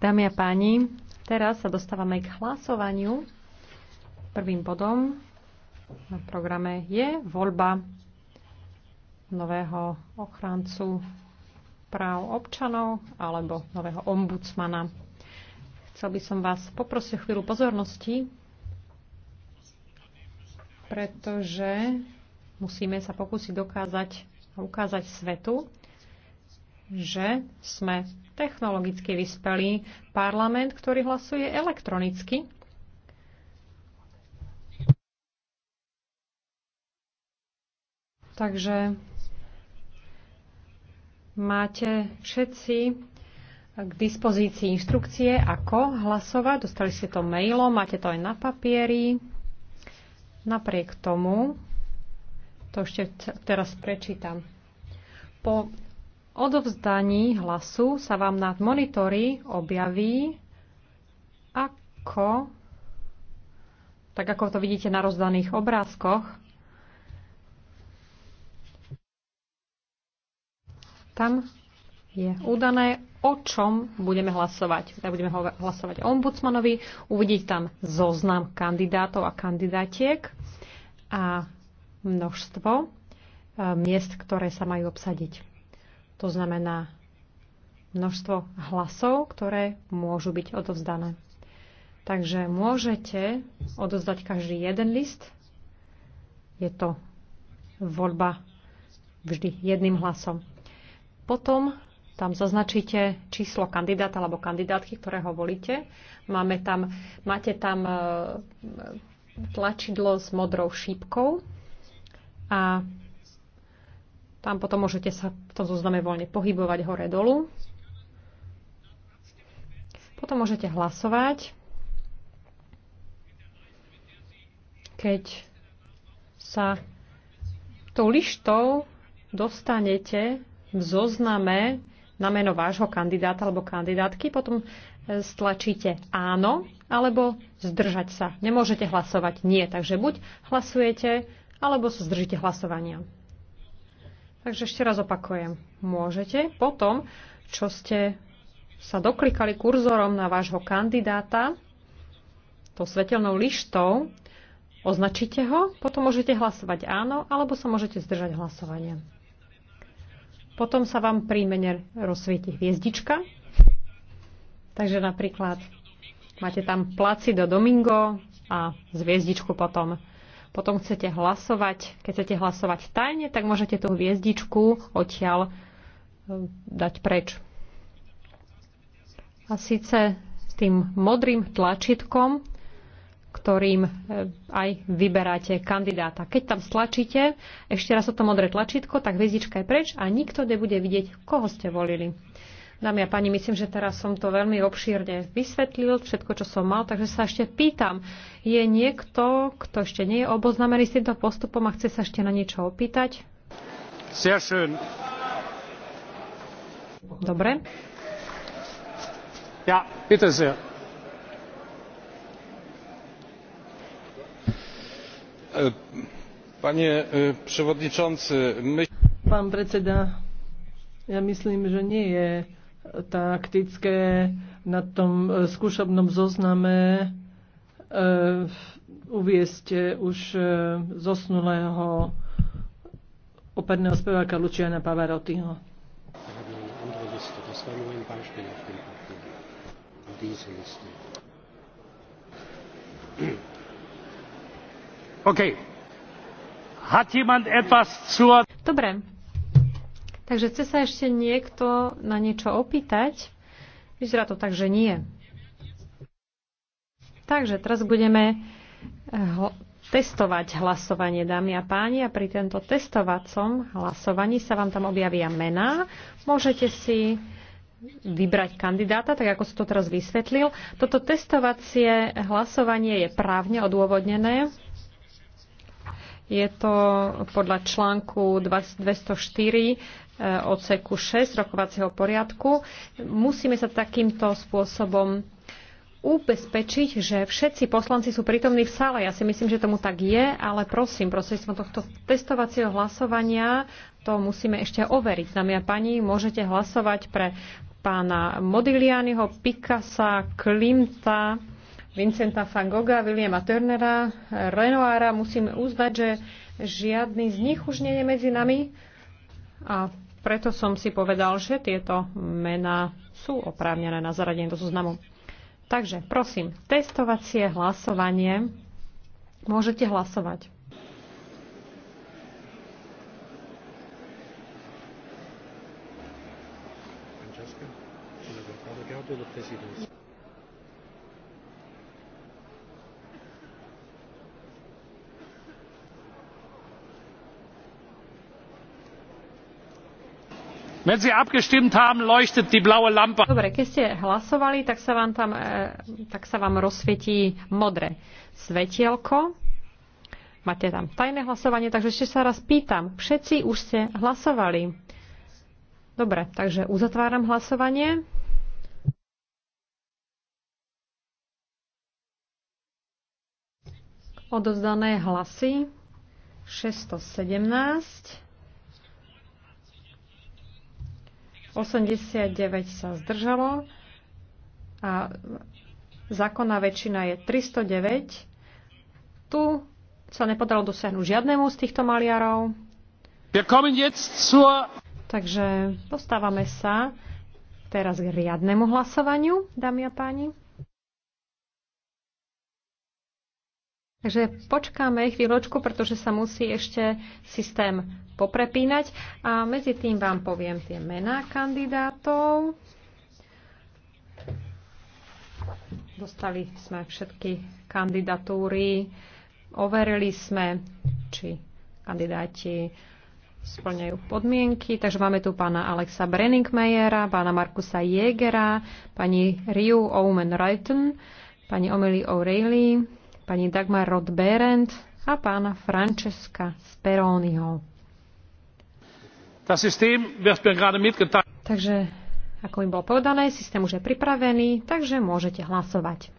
Dámy a páni, teraz sa dostávame k hlasovaniu. Prvým bodom na programe je voľba nového ochrancu práv občanov alebo nového ombudsmana. Chcel by som vás poprosiť o chvíľu pozornosti, pretože musíme sa pokúsiť dokázať a ukázať svetu, že sme technologicky vyspelý parlament, ktorý hlasuje elektronicky. Takže máte všetci k dispozícii inštrukcie, ako hlasovať. Dostali ste to mailom, máte to aj na papieri. Napriek tomu, to ešte teraz prečítam. Po odovzdaní hlasu sa vám na monitory objaví ako, tak ako to vidíte na rozdaných obrázkoch, tam je udané, o čom budeme hlasovať. Teda budeme hlasovať o ombudsmanovi, uvidieť tam zoznam kandidátov a kandidátiek a množstvo e, miest, ktoré sa majú obsadiť. To znamená množstvo hlasov, ktoré môžu byť odovzdané. Takže môžete odovzdať každý jeden list. Je to voľba vždy jedným hlasom. Potom tam zaznačíte číslo kandidáta alebo kandidátky, ktorého volíte. Máme tam, máte tam e, e, tlačidlo s modrou šípkou a tam potom môžete sa v tom zozname voľne pohybovať hore-dolu. Potom môžete hlasovať. Keď sa tou lištou dostanete v zozname na meno vášho kandidáta alebo kandidátky, potom e, stlačíte áno alebo zdržať sa. Nemôžete hlasovať nie, takže buď hlasujete alebo sa zdržíte hlasovania. Takže ešte raz opakujem. Môžete potom, čo ste sa doklikali kurzorom na vášho kandidáta, tou svetelnou lištou, označíte ho, potom môžete hlasovať áno, alebo sa môžete zdržať hlasovania. Potom sa vám pri mene rozsvieti hviezdička. Takže napríklad máte tam Placido Domingo a zviezdičku potom potom chcete hlasovať, keď chcete hlasovať tajne, tak môžete tú hviezdičku odtiaľ ehm, dať preč. A síce s tým modrým tlačítkom, ktorým ehm, aj vyberáte kandidáta. Keď tam stlačíte ešte raz o to modré tlačítko, tak hviezdička je preč a nikto nebude vidieť, koho ste volili. Dámy a páni, myslím, že teraz som to veľmi obšírne vysvetlil, všetko, čo som mal, takže sa ešte pýtam, je niekto, kto ešte nie je oboznamený s týmto postupom a chce sa ešte na niečo opýtať? Sehr schön. Dobre. Ja, bitte sehr. E, panie e, przewodniczący, my... Pán predseda, ja myslím, že nie je taktické na tom e, skúšobnom zozname e, uviesť e, už zosnulého operného speváka Luciana Pavarottiho. Okay. Hat jemand etwas zur... Dobre, Takže chce sa ešte niekto na niečo opýtať? Vyzerá to tak, že nie. Takže teraz budeme eh, testovať hlasovanie, dámy a páni. A pri tento testovacom hlasovaní sa vám tam objavia mená. Môžete si vybrať kandidáta, tak ako som to teraz vysvetlil. Toto testovacie hlasovanie je právne odôvodnené. Je to podľa článku 204 odseku 6 rokovacieho poriadku. Musíme sa takýmto spôsobom ubezpečiť, že všetci poslanci sú prítomní v sále. Ja si myslím, že tomu tak je, ale prosím, prostredstvom tohto testovacieho hlasovania to musíme ešte overiť. Znamená, a pani, môžete hlasovať pre pána Modiglianiho, Picasa, Klimta, Vincenta van Gogha, Williama Turnera, Renoára. Musím uznať, že žiadny z nich už nie je medzi nami. A preto som si povedal, že tieto mená sú oprávnené na zaradenie do zoznamu. Takže prosím, testovacie hlasovanie. Môžete hlasovať. Dobre, keď ste hlasovali, tak sa vám, tam, e, tak sa vám rozsvietí modré svetielko. Máte tam tajné hlasovanie, takže ešte sa raz pýtam. Všetci už ste hlasovali. Dobre, takže uzatváram hlasovanie. Odozdané hlasy 617. 89 sa zdržalo a zákonná väčšina je 309. Tu sa nepodalo dosiahnuť žiadnemu z týchto maliarov. Takže dostávame sa teraz k riadnemu hlasovaniu, dámy a páni. Takže počkáme chvíľočku, pretože sa musí ešte systém poprepínať a medzi tým vám poviem tie mená kandidátov. Dostali sme všetky kandidatúry, overili sme, či kandidáti splňajú podmienky. Takže máme tu pána Alexa Brenningmejera, pána Markusa Jägera, pani Riu Omen Reuten, pani Omily O'Reilly, pani Dagmar Roth-Berendt a pána Francesca Speroniho. Takže, ako im bolo povedané, systém už je pripravený, takže môžete hlasovať.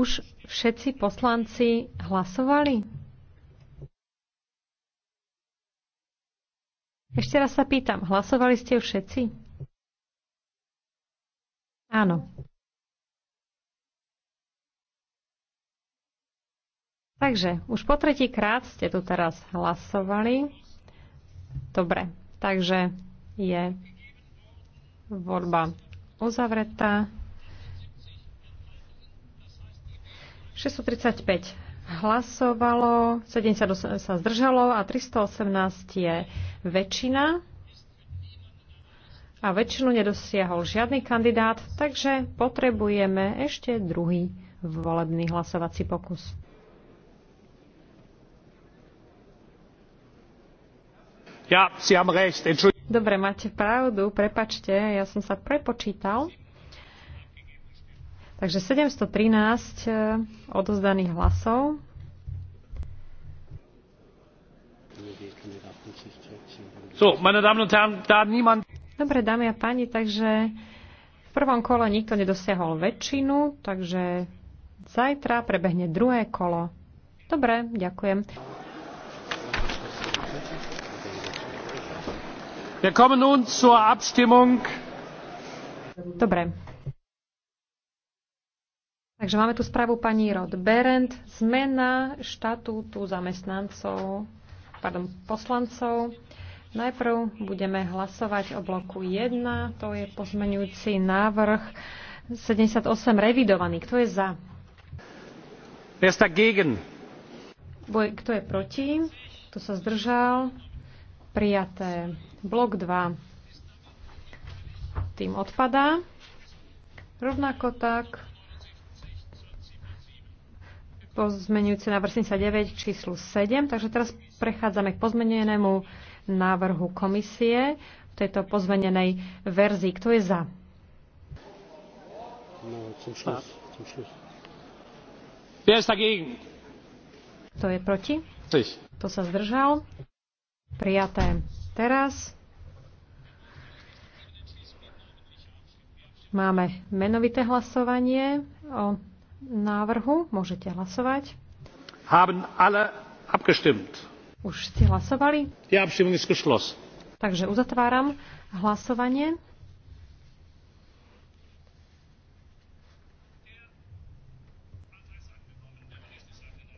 Už všetci poslanci hlasovali? Ešte raz sa pýtam, hlasovali ste všetci? Áno. Takže, už po tretí krát ste tu teraz hlasovali. Dobre, takže je voľba uzavretá. 635 hlasovalo, 78 sa zdržalo a 318 je väčšina. A väčšinu nedosiahol žiadny kandidát, takže potrebujeme ešte druhý volebný hlasovací pokus. Ja, recht. Dobre, máte pravdu, prepačte, ja som sa prepočítal. Takže 713 eh, odozdaných hlasov. So, meine Damen und Herren, da niemand... Dobre, dámy a páni, takže v prvom kole nikto nedosiahol väčšinu, takže zajtra prebehne druhé kolo. Dobre, ďakujem. Wir kommen nun zur Abstimmung. Dobre, Takže máme tu správu pani Rod Berend. Zmena štatútu zamestnancov, pardon, poslancov. Najprv budeme hlasovať o bloku 1, to je pozmenujúci návrh 78 revidovaný. Kto je za? Kto je proti? Kto sa zdržal? Prijaté. Blok 2. Tým odpadá. Rovnako tak pozmenujúce návrh 79 číslu 7. Takže teraz prechádzame k pozmenenému návrhu komisie v tejto pozmenenej verzii. Kto je za? No, Kto je proti? Kto sa zdržal? Prijaté. Teraz máme menovité hlasovanie o návrhu. Môžete hlasovať. Haben alle abgestimmt. Už ste hlasovali? Die Abstimmung ist geschlossen. Takže uzatváram hlasovanie.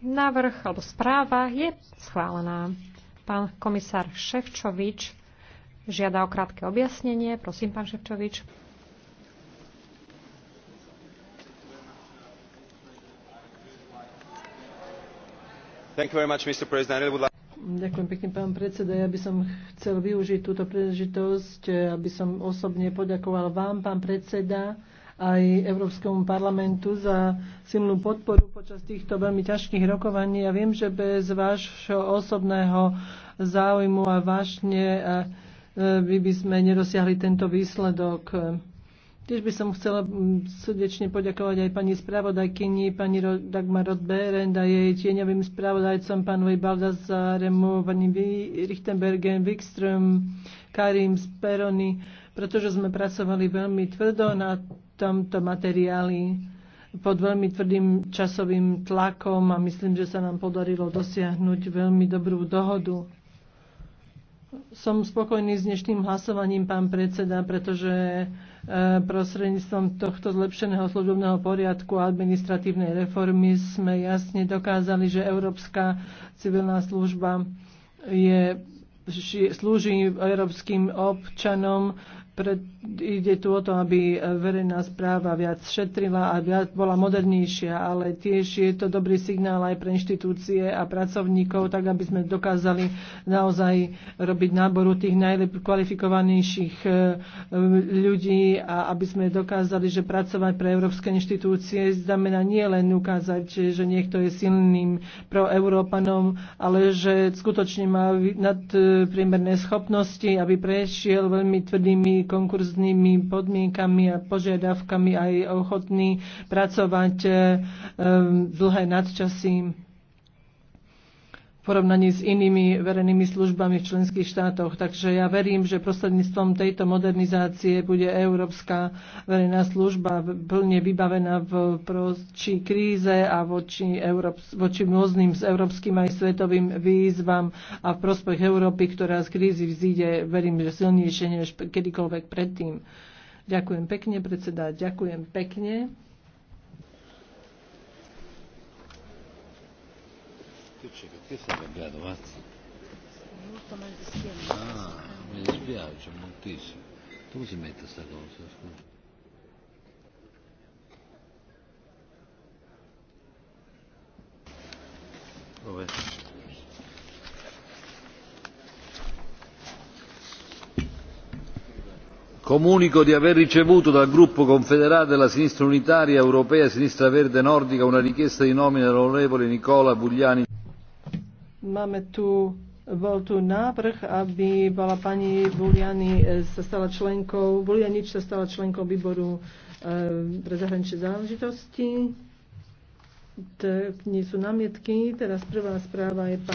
Návrh alebo správa je schválená. Pán komisár Ševčovič žiada o krátke objasnenie. Prosím, pán Ševčovič. Ďakujem pekne, pán predseda. Ja by som chcel využiť túto príležitosť, eh, aby som osobne poďakoval vám, pán predseda, aj Európskemu parlamentu za silnú podporu počas týchto veľmi ťažkých rokovaní. Ja viem, že bez vášho osobného záujmu a vášne by, eh, eh, by sme nedosiahli tento výsledok. Tiež by som chcela mm, srdečne poďakovať aj pani spravodajkyni, pani Dagmar Rodberend a jej tieňovým spravodajcom, pánovi Baldazaremu, pani Richtenbergen, Wikström, Karim Speroni, pretože sme pracovali veľmi tvrdo na tomto materiáli pod veľmi tvrdým časovým tlakom a myslím, že sa nám podarilo dosiahnuť veľmi dobrú dohodu. Som spokojný s dnešným hlasovaním, pán predseda, pretože E, prostredníctvom tohto zlepšeného služobného poriadku a administratívnej reformy sme jasne dokázali, že Európska civilná služba je slúži európskym občanom pred, ide tu o to, aby verejná správa viac šetrila a viac bola modernejšia, ale tiež je to dobrý signál aj pre inštitúcie a pracovníkov, tak aby sme dokázali naozaj robiť náboru tých najkvalifikovanejších e, ľudí a aby sme dokázali, že pracovať pre európske inštitúcie znamená nie len ukázať, že niekto je silným pro Európanom, ale že skutočne má nadpriemerné e, schopnosti, aby prešiel veľmi tvrdými konkurznými podmienkami a požiadavkami aj ochotní pracovať eh, eh, dlhé nadčasy porovnaní s inými verejnými službami v členských štátoch. Takže ja verím, že prostredníctvom tejto modernizácie bude európska verejná služba plne vybavená v proči kríze a voči, Európs- voči rôznym s európskym aj svetovým výzvam a v prospech Európy, ktorá z krízy vzíde, verím, že silnejšie než kedykoľvek predtým. Ďakujem pekne, predseda, ďakujem pekne. Che c'è? Perché sei cambiato, Mazzi? Molto mal di schiena. Ah, mi dispiace moltissimo. Dove si mette sta cosa? Scusa. Vabbè. comunico di aver ricevuto dal gruppo confederato della sinistra unitaria europea e sinistra verde nordica una richiesta di nomina dell'onorevole nicola bugliani Máme tu, bol tu návrh, aby bola pani Buliani e, sa stala členkou, Bulianič sa stala členkou výboru e, pre zahraničné záležitosti. Tak nie sú námietky. Teraz prvá správa je pán